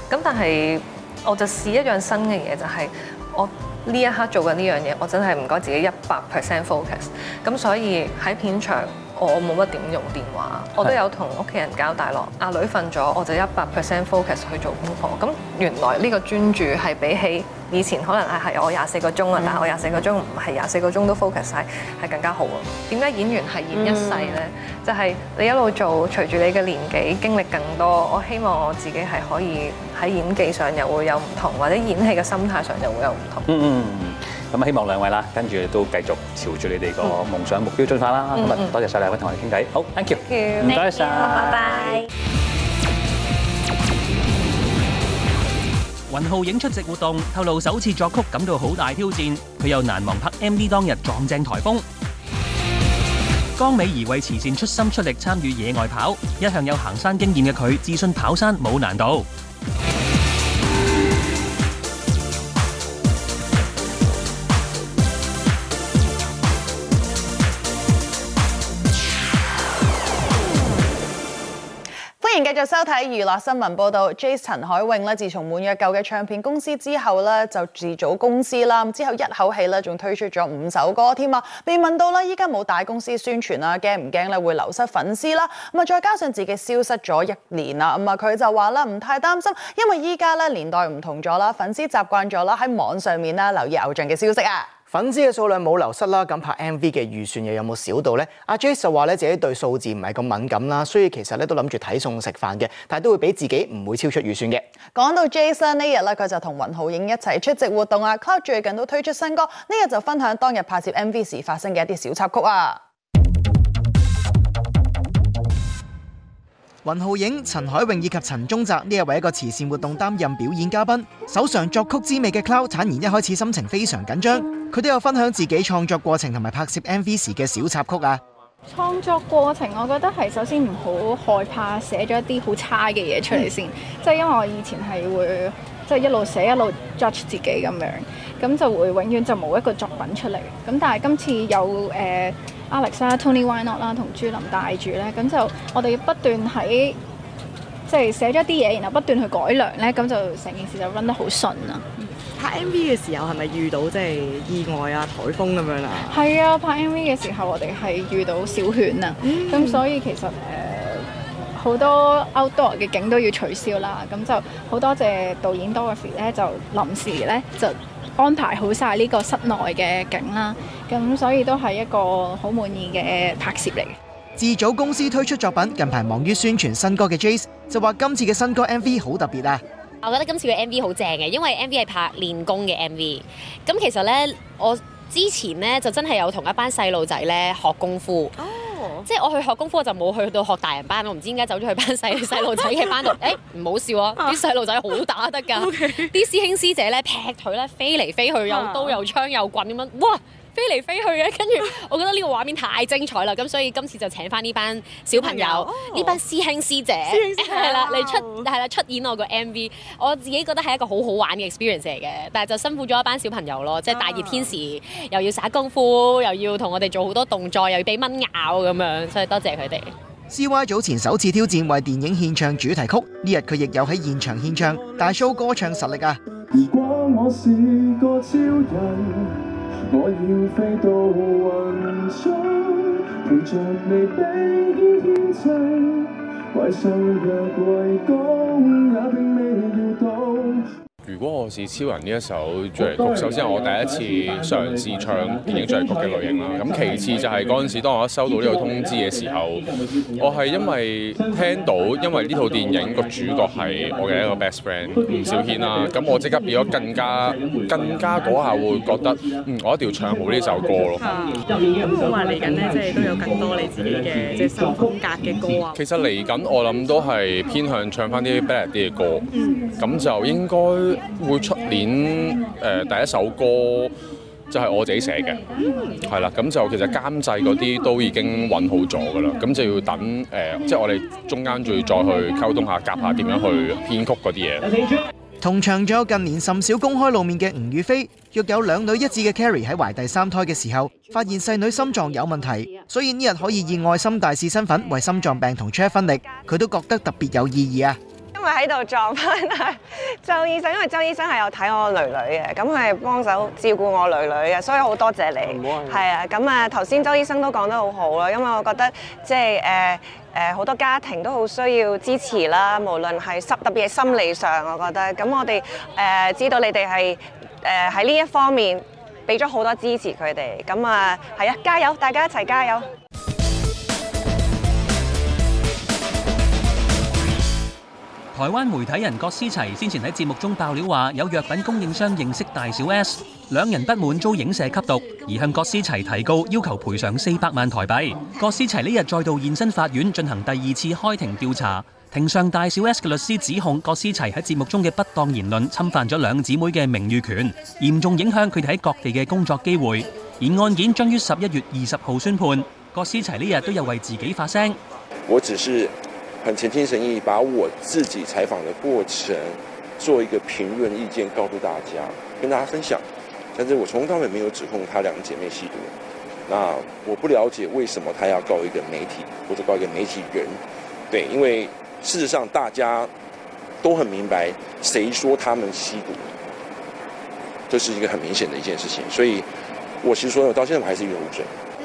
咁但係我就試一樣新嘅嘢，就係、是、我呢一刻做緊呢樣嘢，我真係唔該自己一百 percent focus，咁所以喺片場。我冇乜點用電話，我都有同屋企人交帶咗。阿女瞓咗，我就一百 percent focus 去做功課。咁原來呢個專注係比起以前可能係係我廿四個鐘啦，但係我廿四個鐘唔係廿四個鐘都 focus 曬，係更加好啊！點解演員係演一世呢？就係、是、你一路做，隨住你嘅年紀經歷更多，我希望我自己係可以喺演技上又會有唔同，或者演戲嘅心態上又會有唔同。 咁希望兩位啦，跟住都繼續朝住你哋個夢想目標進發啦。咁、嗯、啊、嗯，多謝晒兩位同我哋傾偈。好，thank you，唔該晒。拜拜。雲浩影出席活動，透露首次作曲感到好大挑戰，佢又難忘拍 MV 當日撞正颱風。江美儀為慈善出心出力參與野外跑，一向有行山經驗嘅佢自信跑山冇難度。繼續收睇娛樂新聞報道，Jace 陳凱詠咧自從滿約舊嘅唱片公司之後咧，就自組公司啦。之後一口氣咧仲推出咗五首歌添啊。被問到咧依家冇大公司宣傳啦，驚唔驚咧會流失粉絲啦？咁啊再加上自己消失咗一年啦，咁啊佢就話啦唔太擔心，因為依家咧年代唔同咗啦，粉絲習慣咗啦喺網上面啦留意偶像嘅消息啊。粉絲嘅數量冇流失啦，咁拍 MV 嘅預算又有冇少到呢？阿 Jace 就話咧自己對數字唔係咁敏感啦，所以其實咧都諗住睇餸食飯嘅，但係都會俾自己唔會超出預算嘅。講到 Jace 呢日咧，佢就同雲浩影一齊出席活動啊！Cloud 最近都推出新歌，呢日就分享當日拍攝 MV 時發生嘅一啲小插曲啊！雲浩影、陳海穎以及陳宗澤呢日為一個慈善活動擔任表演嘉賓。首嘗作曲滋味嘅 Cloud 坦言一開始心情非常緊張，佢都有分享自己創作過程同埋拍攝 MV 時嘅小插曲啊。創作過程，我覺得係首先唔好害怕寫咗一啲好差嘅嘢出嚟先，即係因為我以前係會即係、就是、一路寫一路 judge 自己咁樣，咁就會永遠就冇一個作品出嚟。咁但係今次有誒。呃 Alex、Tony、Why Not 啦，同朱琳帶住咧，咁就我哋不斷喺即係寫咗啲嘢，然後不斷去改良咧，咁就成件事就 run 得好順啊！拍 MV 嘅時候係咪遇到即係、就是、意外啊，颱風咁樣啊？係啊，拍 MV 嘅時候我哋係遇到小犬啊，咁、嗯、所以其實誒好、呃、多 outdoor 嘅景都要取消啦，咁就好多謝導演 Dorothy 咧，就臨時咧就。安排好曬呢個室內嘅景啦，咁所以都係一個好滿意嘅拍攝嚟嘅。自組公司推出作品，近排忙於宣傳新歌嘅 Jace 就話：今次嘅新歌 MV 好特別啊！我覺得今次嘅 MV 好正嘅，因為 MV 係拍練功嘅 MV。咁其實呢，我。之前咧就真係有同一班細路仔咧學功夫，oh. 即係我去學功夫我就冇去到學大人班，我唔知點解走咗去班細細路仔嘅班度，誒唔好笑啊！啲細路仔好打得㗎，啲、okay. 師兄師姐咧劈腿咧飛嚟飛去又刀又槍又棍咁樣，哇！飛嚟飛去嘅，跟住，我覺得呢個畫面太精彩啦！咁所以今次就請翻呢班小朋友、呢、oh. 班師兄師姐，係啦，嚟 出係啦出演我個 M V，我自己覺得係一個好好玩嘅 experience 嚟嘅，但係就辛苦咗一班小朋友咯，即、就、係、是、大熱天時又要耍功夫，又要同我哋做好多動作，又要俾蚊咬咁樣，所以多謝佢哋。C Y 早前首次挑戰為電影獻唱主題曲，呢日佢亦有喺現場獻唱，大 show 歌唱實力啊！如果我是個超人。我要飛到雲中，陪着你比肩天際。怪獸若圍攻，也並未搖到。如果我是超人呢一首主題曲，首先我第一次嘗試唱電影主題曲嘅類型啦。咁其次就係嗰陣時，當我收到呢個通知嘅時候，我係因為聽到，因為呢套電影個主角係我嘅一個 best friend 吳小軒啦。咁我即刻變咗更加更加嗰下會覺得，嗯，我一定要唱好呢首歌咯。咁話嚟緊咧，即係都有更多你自己嘅即係新風格嘅歌啊。其實嚟緊我諗都係偏向唱返啲 bad 啲嘅歌，咁就應該。會出年，誒第一首歌就係我自己寫嘅，係啦，咁就其實監製嗰啲都已經揾好咗噶啦，咁就要等誒，即係我哋中間仲要再去溝通下，夾下點樣去編曲嗰啲嘢。同場仲有近年甚少公開露面嘅吳雨霏，育有兩女一子嘅 Kerry 喺懷第三胎嘅時候，發現細女心臟有問題，所以呢日可以以愛心大使身份為心臟病童出一分力，佢都覺得特別有意義啊！因為喺度撞翻阿周醫生，因為周醫生係有睇我女女嘅，咁佢係幫手照顧我女女嘅，所以好多謝你。係啊，咁啊，頭先周醫生都講得好好咯，因為我覺得即係誒誒，好多家庭都好需要支持啦，無論係心特別係心理上，我覺得。咁我哋誒知道你哋係誒喺呢一方面俾咗好多支持佢哋，咁啊係啊，加油！大家一齊加油！台灣媒體人郭思齊先前喺節目中爆料話，有藥品供應商認識大小 S，兩人不滿遭影射吸毒，而向郭思齊提告，要求賠償四百萬台幣。郭思齊呢日再度現身法院進行第二次開庭調查，庭上大小 S 嘅律師指控郭思齊喺節目中嘅不當言論，侵犯咗兩姊妹嘅名譽權，嚴重影響佢哋喺各地嘅工作機會。而案件將於十一月二十號宣判。郭思齊呢日都有為自己發聲。我只是，誠心誠意把我自己採訪的過程做一個評論意見告訴大家，跟大家分享。但是我從頭到尾沒有指控他兩個姐妹吸毒。那我不了解為什麼他要告一個媒體或者告一個媒體人？對，因為事實上大家都很明白誰說他們吸毒，這就是一個很明顯的一件事情。所以，我其實說呢，我到現在我還是一個無罪。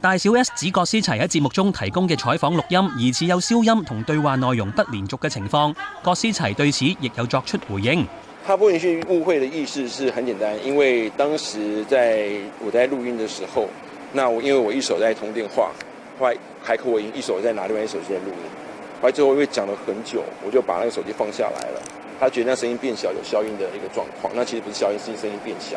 大小 S 指葛斯齊喺節目中提供嘅採訪錄音疑似有消音同對話內容不連續嘅情況，葛斯齊對此亦有作出回應。他不允許誤會的意思是很簡單，因為當時在我在錄音的時候，那我因為我一手在通電話，後來開口我一手在拿另外一手在錄音，後來最後因為講了很久，我就把那個手機放下來了。他覺得那聲音變小有消音的一個狀況，那其實不是消音，是聲音變小。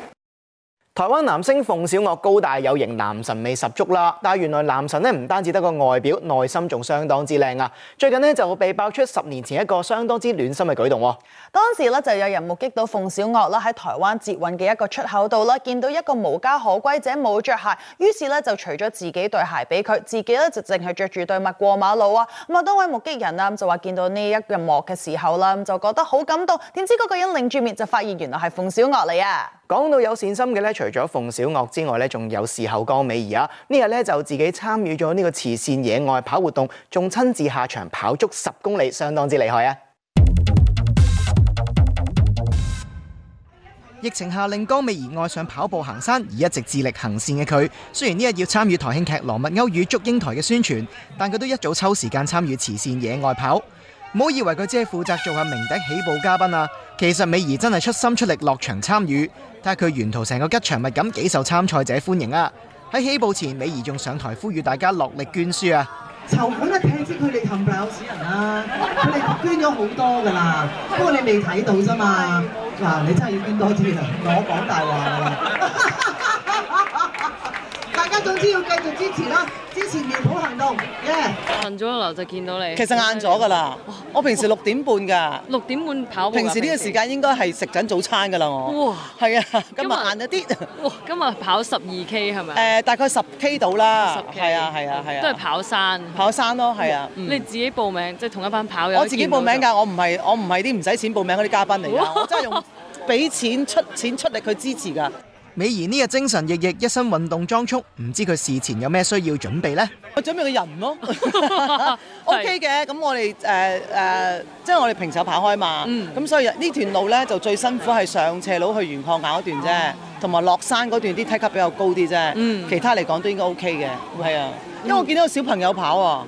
台灣男星鳳小岳高大有型，男神味十足啦！但係原來男神咧唔單止得個外表，內心仲相當之靚啊！最近咧就被爆出十年前一個相當之暖心嘅舉動喎。當時咧就有人目擊到鳳小岳啦喺台灣捷運嘅一個出口度啦，見到一個無家可歸者冇着鞋，於是咧就除咗自己對鞋俾佢，自己咧就淨係着住對襪過馬路啊！咁啊，當位目擊人啦就話見到呢一幕嘅時候啦，就覺得好感動。點知嗰個人擰住面就發現原來係鳳小岳嚟啊！講到有善心嘅咧，除除咗馮小岳之外咧，仲有視后江美儀啊！呢日咧就自己參與咗呢個慈善野外跑活動，仲親自下場跑足十公里，相當之厲害啊！疫情下令江美儀愛上跑步行山，而一直致力行善嘅佢，雖然呢日要參與台慶劇《羅密歐與祝英台》嘅宣傳，但佢都一早抽時間參與慈善野外跑。唔好以為佢只係負責做下鳴笛起步嘉賓啊！其實美儀真係出心出力落場參與。睇下佢沿途成個吉祥物咁，幾受參賽者歡迎啊！喺起步前，美儀仲上台呼籲大家落力捐輸啊，啊！籌款一聽即佢哋冚唪唥有錢人啦，咁你捐咗好多㗎啦，不過你未睇到咋嘛？嗱，你真係要捐多啲啊！我講大話㗎。 而家總之要繼續支持啦，支持苗圃行動嘅、yeah。行咗樓就見到你。其實晏咗噶啦，我平時六點半㗎。六點半跑。平時呢個時間應該係食緊早餐㗎啦我。哇。係啊，今日晏咗啲。嘩，今日跑十二 K 係咪？誒，大概十 K 到啦。十 K、啊。係啊係、嗯、啊係、嗯、啊。都係跑山，跑山咯，係啊，啊。你自己報名，即、啊就係、同一班跑友。我自己報名㗎，我唔係我唔係啲唔使錢報名嗰啲嘉賓嚟。㗎。我真係用俾錢出錢出力去支持㗎。美儀呢個精神奕奕，一身運動裝束，唔知佢事前有咩需要準備呢？我準備個人咯、哦、 ，OK 嘅。咁我哋誒誒，即、呃、係、呃就是、我哋平時跑開嘛。咁、嗯、所以呢段路咧就最辛苦係上斜路去原曠岩嗰段啫，同埋落山嗰段啲梯級比較高啲啫、嗯。其他嚟講都應該 OK 嘅，係啊。因為我見到個小朋友跑喎、哦。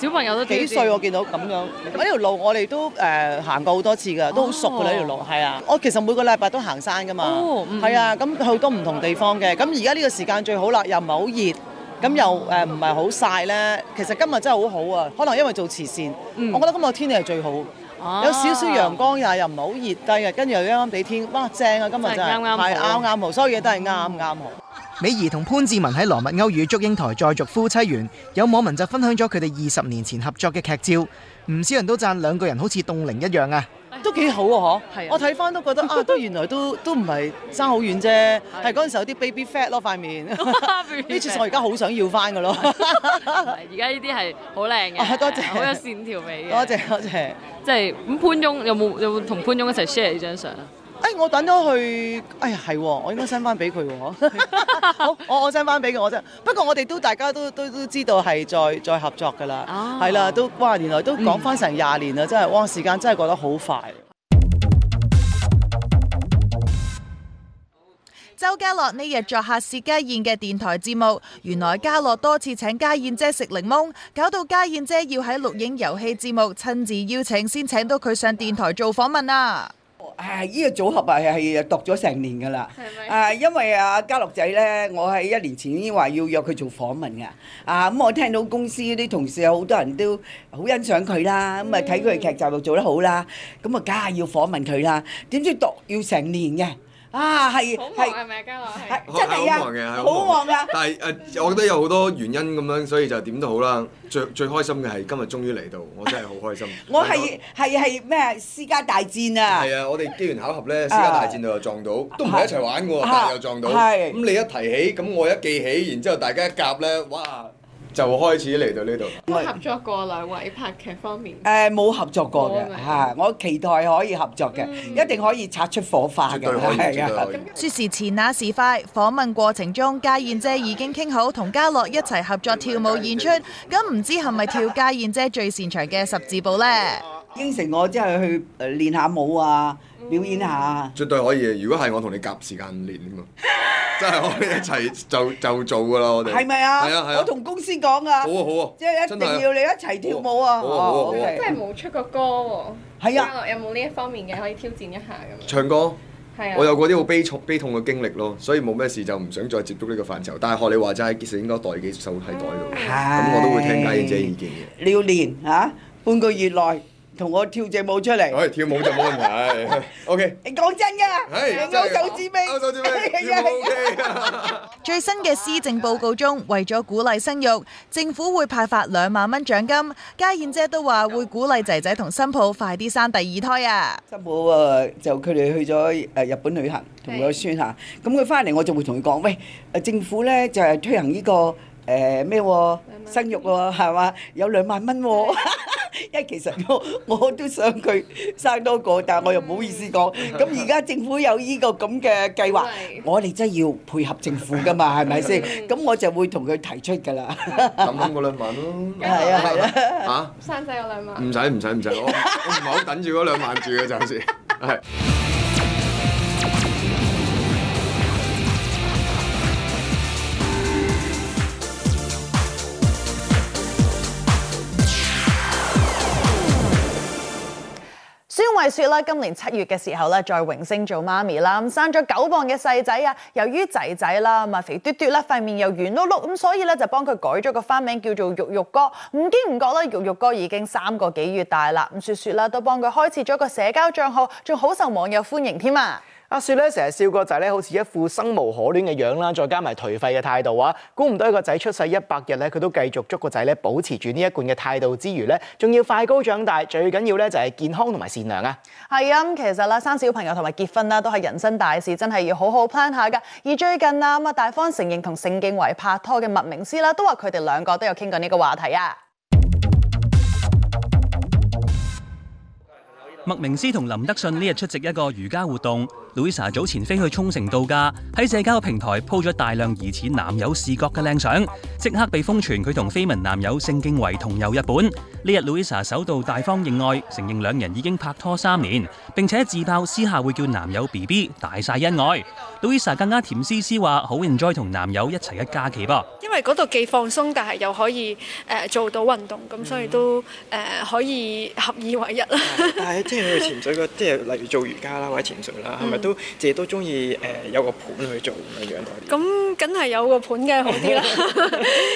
小朋友都幾歲？我見到咁樣。咁呢條路我哋都誒、呃、行過好多次㗎，都好熟㗎呢條路。係啊，我其實每個禮拜都行山㗎嘛。哦，係、嗯、啊，咁去多唔同地方嘅。咁而家呢個時間最好啦，又唔係好熱，咁、嗯、又誒唔係好晒咧。其實今日真係好好啊，可能因為做慈善，嗯、我覺得今日天，天氣係最好、哦。有少少陽光又又唔係好熱，第二日跟住又啱啱地天，哇正啊！今日、就係、真係啱啱好。啱啱好。所以嘢都係啱啱好。嗯嗯美兒同潘志文喺《羅密歐與祝英台》再續夫妻緣，有網民就分享咗佢哋二十年前合作嘅劇照，唔少人都讚兩個人好似凍齡一樣啊，都幾好喎嗬。係，我睇翻都覺得啊，都原來都都唔係爭好遠啫，係嗰陣時候有啲 baby fat 咯，塊面呢次我而家好想要翻嘅咯，而家呢啲係好靚嘅，多謝好有線條味嘅。多謝多謝。即係咁潘忠有冇有同潘忠一齊 share 呢張相啊？誒、哎，我等咗佢，哎呀，係喎，我應該 send 翻俾佢喎。好，我我 send 翻俾佢，我真。不過我哋都大家都都都知道係再再合作㗎啦。哦、啊，係啦，都哇，原來都講翻成廿年啦，真係，哇，時間真係過得好快。周家洛呢日作客薛家燕嘅電台節目，原來家洛多次請家燕姐食檸檬，搞到家燕姐要喺錄影遊戲節目親自邀請，先請到佢上電台做訪問啊！係依個組合係係讀咗成年㗎啦，係咪？啊，因為啊家樂仔咧，我喺一年前已經話要約佢做訪問㗎，啊，咁我聽到公司啲同事有好多人都好欣賞佢啦，咁啊睇佢劇集又做得好啦，咁啊梗係要訪問佢啦，點知讀要成年㗎？啊，係係，即係啊，好旺㗎！但係誒 啊，我覺得有好多原因咁樣，所以就點都好啦。最最開心嘅係今日終於嚟到，我真係好開心。 我係係係咩？私家大戰啊！係啊！我哋機緣巧合咧，私家大戰度又撞到，都唔係一齊玩嘅喎，是但又撞到。咁、嗯、你一提起，咁我一記起，然之後大家一夾咧，哇！就開始嚟到呢度。冇合作過兩位拍劇方面。誒、呃，冇合作過嘅我，我期待可以合作嘅、嗯，一定可以擦出火花嘅。係啊，係啊。說時遲那時快，訪問過程中，家燕姐已經傾好同家樂一齊合作跳舞演出，咁唔知係咪跳家燕姐最擅長嘅十字步呢？應承我即係去練練下舞啊！表演下，絕對可以。如果係我同你夾時間練喎， 真係可以一齊就就做噶啦，我哋係咪啊？係啊係、啊啊、我同公司講噶。好啊好啊！即係一定要你一齊跳舞啊！好啊好啊！好啊好啊好啊好啊真係冇出過歌喎。係啊，有冇呢一方面嘅可以挑戰一下咁、啊？唱歌，啊、我有嗰啲好悲痛悲痛嘅經歷咯，所以冇咩事就唔想再接觸呢個範疇。但係學你話齋，其實應該袋幾首喺袋度，咁、嗯嗯嗯、我都會聽解姐意見嘅。你要練嚇，半個月內。同我跳隻舞出嚟，誒 真的、 哎哎哎、跳舞就冇問題。O K，你講真㗎，握手致意，握最新嘅施政報告中，為咗鼓勵生育，政府會派發兩萬蚊獎金。家燕姐，姐都話會鼓勵仔仔同新抱快啲生第二胎啊！新抱啊，就佢哋去咗誒日本旅行，同佢個孫嚇。咁佢翻嚟，他我就會同佢講，喂，誒政府咧就係、是、推行、這個呃、呢個誒咩生育喎，係嘛？有兩萬蚊喎、喔。 因為其實我我都想佢生多個，但係我又唔好意思講。咁而家政府有呢個咁嘅計劃，我哋真係要配合政府㗎嘛，係咪先？咁我就會同佢提出㗎啦。咁啱嗰兩萬咯。係啊係啊。嚇！生仔有兩萬。唔使唔使唔使，我我唔係好等住嗰兩萬住嘅暫時係。因為雪咧，今年七月嘅時候咧，在榮升做媽咪啦，咁生咗九磅嘅細仔啊。由於仔仔啦，啊肥嘟嘟啦，塊面又圓碌碌，咁所以咧就幫佢改咗個花名叫做肉肉哥。唔經唔覺咧，肉肉哥已經三個幾月大啦。咁雪雪咧都幫佢開設咗個社交賬號，仲好受網友歡迎添啊！阿雪咧成日笑個仔咧，好似一副生無可戀嘅樣啦，再加埋頹廢嘅態度啊，估唔到一個仔出世一百日咧，佢都繼續祝個仔咧，保持住呢一貫嘅態度之餘咧，仲要快高長大，最緊要咧就係、是、健康同埋善良啊！係啊，其實啦，生小朋友同埋結婚啦，都係人生大事，真係要好好 plan 下㗎。而最近啊，麥大方承認同盛勁為拍拖嘅麥明詩啦，都話佢哋兩個都有傾過呢個話題啊。麥明詩同林德信呢日出席一個瑜伽活動。Lisa 早前飛去沖繩度假，喺社交平台鋪咗大量疑似男友視角嘅靚相，即刻被瘋傳佢同緋聞男友盛景維同遊日本。呢日 Lisa 首度大方認愛，承認兩人已經拍拖三年，並且自爆私下會叫男友 BB 大曬恩愛。Lisa 更加甜絲絲話好 enjoy 同男友一齊嘅假期噃。因為嗰度既放鬆，但係又可以誒做到運動，咁、嗯、所以都誒、呃、可以合二為一啦、嗯。 但係即係去潛水個，即係例如做瑜伽啦，或者潛水啦，係咪？嗯都自己都中意誒有個盤去做咁樣多啲。咁梗係有個盤嘅好啲啦，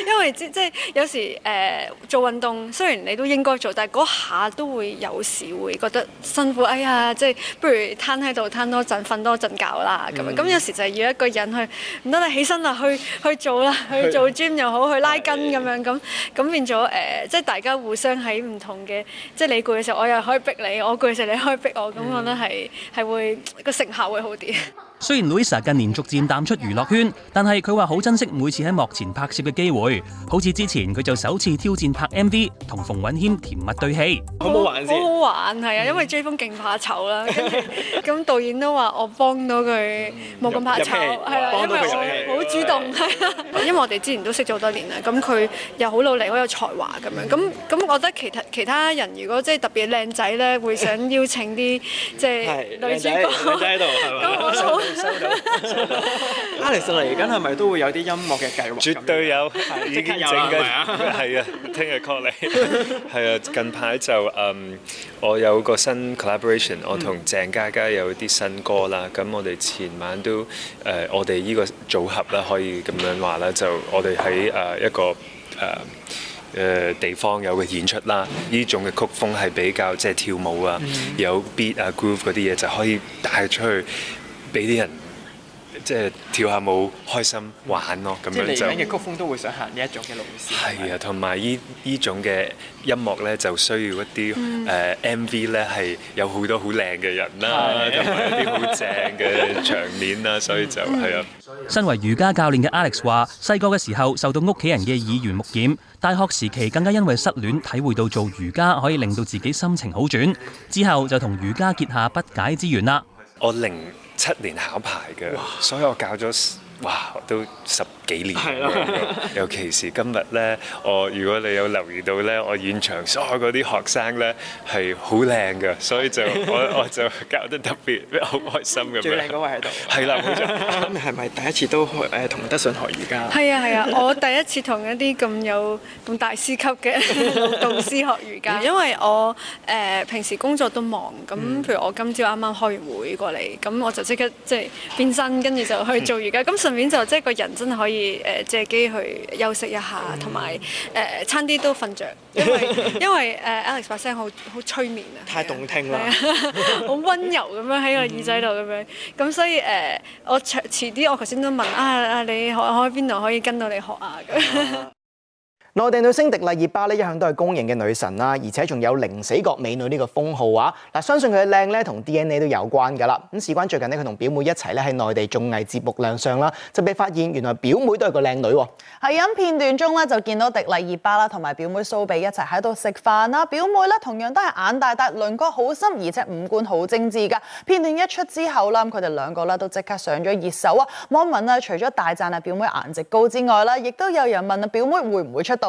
因為即即有時誒做運動，雖然你都應該做，但係嗰下都會有時會覺得辛苦。哎呀，即不如攤喺度攤多陣，瞓多陣覺啦咁樣。咁有時就係要一個人去，唔得啦，起身啦，去去做啦，去做 gym 又好，去拉筋咁樣咁。咁變咗誒，即大家互相喺唔同嘅，即你攰嘅時候，我又可以逼你；我攰嘅時候，你可以逼我。咁我覺得係係會個成。下會好啲。雖然 Lisa 近年逐漸淡出娛樂圈，但係佢話好珍惜每次喺幕前拍攝嘅機會。好似之前佢就首次挑戰拍 MV，同馮允謙甜蜜對戲。好好，好玩，好好玩，係啊，因為追風勁怕醜啦。咁 導演都話我幫到佢冇咁怕醜，係 啦，因為我好主動係啊。 因為我哋之前都識咗好多年啦，咁佢又好努力，好有才華咁樣。咁、嗯、咁，我覺得其他其他人如果即係特別靚仔咧， 會想邀請啲即係女主角。仔 喺度，咁我收到。Alex 嚟緊係咪都會有啲音樂嘅計劃？絕對有，已經有！緊，係 啊，聽日 call 你。係 啊，近排就嗯，um, 我有個新 collaboration，我同鄭嘉嘉有啲新歌啦。咁、嗯、我哋前晚都誒、呃，我哋呢個組合啦，可以咁樣話啦，就我哋喺誒一個誒誒、啊呃、地方有個演出啦。呢種嘅曲風係比較即係、就是、跳舞啊、嗯，有 beat 啊 groove 嗰啲嘢，就可以帶出去。俾啲人即係跳下舞，開心玩咯咁樣就。即係嚟緊嘅曲風都會想行呢一種嘅路線。係啊，同埋依依種嘅音樂咧，就需要一啲誒、嗯呃、MV 咧，係有好多好靚嘅人啦，同埋啲好正嘅場面啦， 所以就係啊。身為瑜伽教練嘅 Alex 話：細個嘅時候受到屋企人嘅耳濡目染，大學時期更加因為失戀，體會到做瑜伽可以令到自己心情好轉，之後就同瑜伽結下不解之緣啦。我零。七年考牌嘅，所以我教咗哇，我都十幾年嘅，尤其是今日咧，我如果你有留意到咧，我現場所有嗰啲學生咧係好靚嘅，所以就我我就教得特別好開心咁樣。最靚嗰位喺度。係啦，咁你係咪第一次都誒同德信學瑜伽？係啊係啊，我第一次同一啲咁有咁大師級嘅導師學瑜伽，因為我誒平時工作都忙，咁譬如我今朝啱啱開完會過嚟，咁我就即刻即係變身，跟住就去做瑜伽，咁順便就即係個人真係可以。誒、呃、借機去休息一下，同埋誒差啲都瞓着，因為因為誒、呃、 Alex 把聲好好催眠啊，太動聽啦，好温 柔咁樣喺個耳仔度咁樣，咁 所以誒、呃、我遲遲啲我頭先都問 啊啊你學學邊度可以跟到你學啊咁。 內地女星迪麗熱巴咧一向都係公認嘅女神啦，而且仲有零死角美女呢個封號啊！嗱，相信佢嘅靚咧同 DNA 都有關㗎啦。咁事關最近呢，佢同表妹一齊咧喺內地綜藝節目亮相啦，就被發現原來表妹都係個靚女喎。喺片段中咧就見到迪麗熱巴啦同埋表妹蘇比一齊喺度食飯啦，表妹咧同樣都係眼大大、輪廓好深，而且五官好精緻㗎。片段一出之後啦，佢哋兩個咧都即刻上咗熱搜啊！網民啊，除咗大讚啊表妹顏值高之外啦，亦都有人問啊表妹會唔會出道？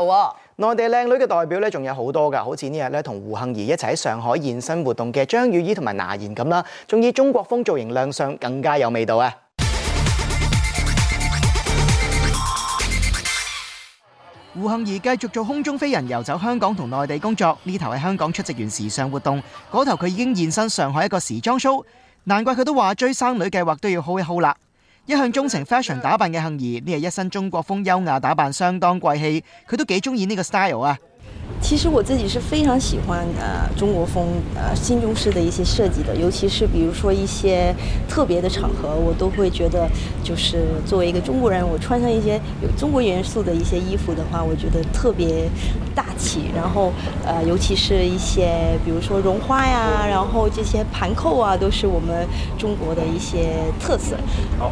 內地靚女嘅代表咧，仲有好多噶，好似呢日咧同胡杏兒一齊喺上海現身活動嘅張雨綺同埋娜然咁啦，仲以中國風造型亮相，更加有味道啊！胡杏兒繼續做空中飛人，游走香港同內地工作，呢頭喺香港出席完時尚活動，嗰頭佢已經現身上海一個時裝 show，難怪佢都話追生女計劃都要 hold 一 hold 啦。一向鍾情 fashion 打扮嘅杏兒，呢係一身中國風優雅打扮，相當貴氣。佢都幾中意呢個 style 啊！其實我自己是非常喜歡呃中國風呃新中式的一些設計的，尤其是，比如說一些特別的場合，我都會覺得就是作為一個中國人，我穿上一些有中國元素的一些衣服的話，我覺得特別大氣。然後呃，尤其是一些比如說絨花呀、啊，然後這些盤扣啊，都是我們中國的一些特色。好、哦。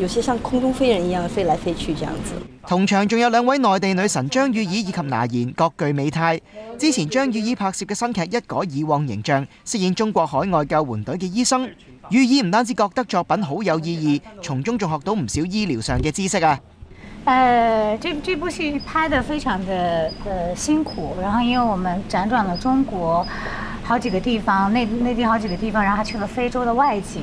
有些像空中飛人一樣飛來飛去，這樣子。同場仲有兩位內地女神張雨綺以及娜然，各具美態。之前張雨綺拍攝嘅新劇一改以往形象，飾演中國海外救援隊嘅醫生。雨綺唔單止覺得作品好有意義，從中仲學到唔少醫療上嘅知識啊。誒，這這部戲拍得非常的辛苦，然後因爲我們輾轉了中國好幾個地方，內內地好幾個地方，然後去了非洲的外景。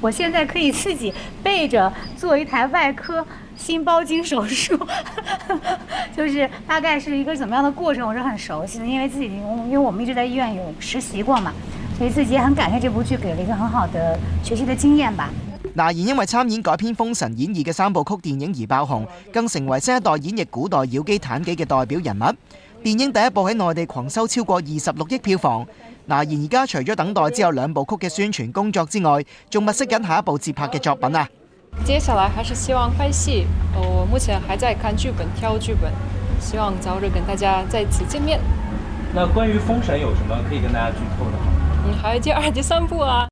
我現在可以自己背着做一台外科心包經手術， 就是大概是一個怎麼樣的過程，我是很熟悉的，因為自己因為我們一直在醫院有實習過嘛，所以自己也很感謝這部劇給了一個很好的學習的經驗吧。娜然因為參演改編《封神演義》嘅三部曲電影而爆紅，更成為新一代演繹古代妖姬妲己嘅代表人物。電影第一部喺內地狂收超過二十六億票房。嗱，而家除咗等待之後兩部曲嘅宣傳工作之外，仲物色緊下一部接拍嘅作品啊！接下來還是希望拍戲，我目前還在看劇本挑劇本，希望早日跟大家再次見面。那關於封神有什麼可以跟大家劇透嘅嗎？還有第二第三部啊！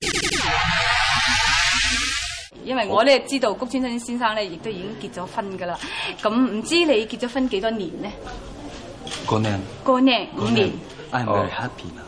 因為我呢知道谷先生先生呢亦都已經結咗婚噶啦，咁唔知你結咗婚幾多年呢？過年，過年，年，年，五年。I'm very happy.、Oh.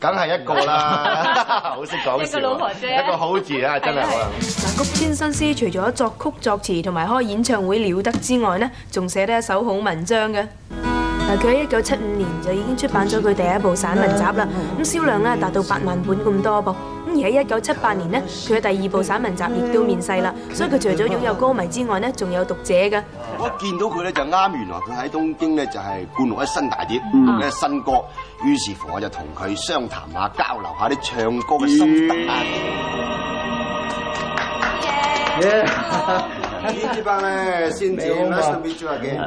梗係一個啦，好識講笑，一個好字啊，真係好啊。嗱，谷川新司除咗作曲作詞同埋開演唱會了得之外咧，仲寫得一手好文章嘅。嗱，佢喺一九七五年就已經出版咗佢第一部散文集啦，咁銷量咧達到八萬本咁多噃。而喺一九七八年呢，佢嘅第二部散文集亦都面世啦。所以佢除咗擁有歌迷之外呢，仲有讀者㗎。我見到佢咧就啱，原來佢喺東京呢，就係灌錄一新大碟同咧、mm. 新歌。於是乎我就同佢商談下、交流下啲唱歌嘅心得啊。呢班志咧，先謝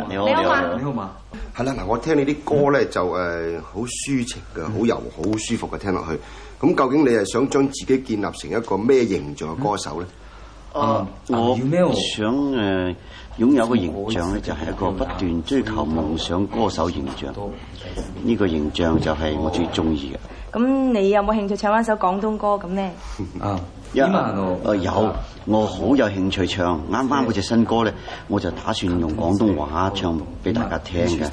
你好，你好嘛？係啦，我聽你啲歌咧就誒好抒情嘅，好柔，好舒服嘅，聽落去。咁究竟你係想將自己建立成一個咩形象嘅歌手咧？啊，我想誒、呃、擁有個形象咧，就係、是、一個不斷追求夢想歌手形象。呢、這個形象就係我最中意嘅。咁你有冇興趣唱翻首廣東歌咁咧？啊！ 因有、啊呃呃，我好有興趣唱，啱啱嗰隻新歌咧，我就打算用廣東話唱俾大家聽嘅。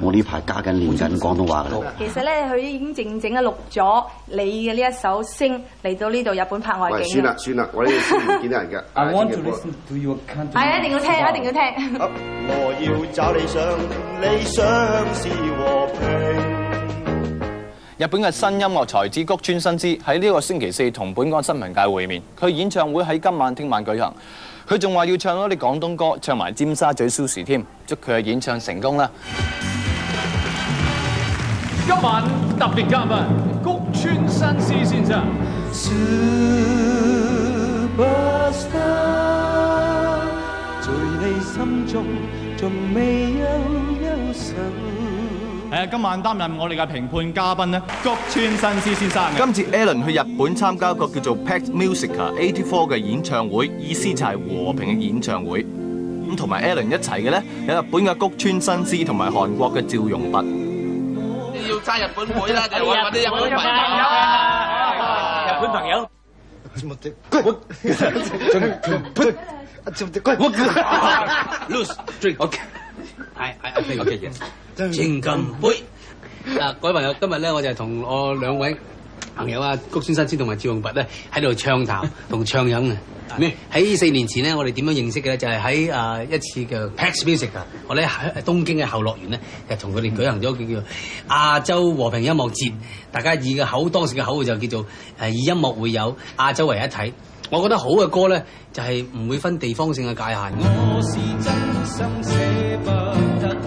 我呢排加緊練緊廣東話㗎喇。其實咧，佢已經靜靜嘅錄咗你嘅呢一首《星》嚟到呢度日本拍外景。算啦算啦，我呢啲先見得到人嘅。係 to to 啊，to your 一定要聽，一定要聽。 日本嘅新音樂才子谷川新之喺呢個星期四同本港新聞界會面，佢演唱會喺今晚聽晚舉行，佢仲話要唱多啲廣東歌，唱埋《尖沙咀消時》添，祝佢嘅演唱成功啦！今晚特別嘉賓，谷川新之先生。Superstar, 在你心中，仲未有，有神係啊，今晚擔任我哋嘅評判嘉賓咧，谷川新司先生。今次 Alan 去日本參加一個叫做 Peace Music 84嘅演唱會，意思就係和平嘅演唱會。咁同埋 Alan 一齊嘅咧，有日本嘅谷川新司同埋韓國嘅趙容弼。要揸日本會啦，定係揾啲日本朋友？日本朋友。做乜嘢？滾！做乜嘢？滾！我滾。Loose drink OK。係係非常之嘅，情金杯。嗱、啊，各位朋友，今日咧，我就同我兩位朋友啊，谷先生先同埋趙用拔咧，喺度暢談同暢飲啊。咩？喺四年前咧，我哋點樣認識嘅咧，就係、是、喺啊一次叫 Pax Music 啊，我咧喺東京嘅後樂園咧，就同佢哋舉行咗叫叫亞洲和平音樂節。大家以嘅口，當時嘅口號就叫做係、啊、以音樂會友亞洲為一體。我覺得好嘅歌咧，就係、是、唔會分地方性嘅界限。我是真心。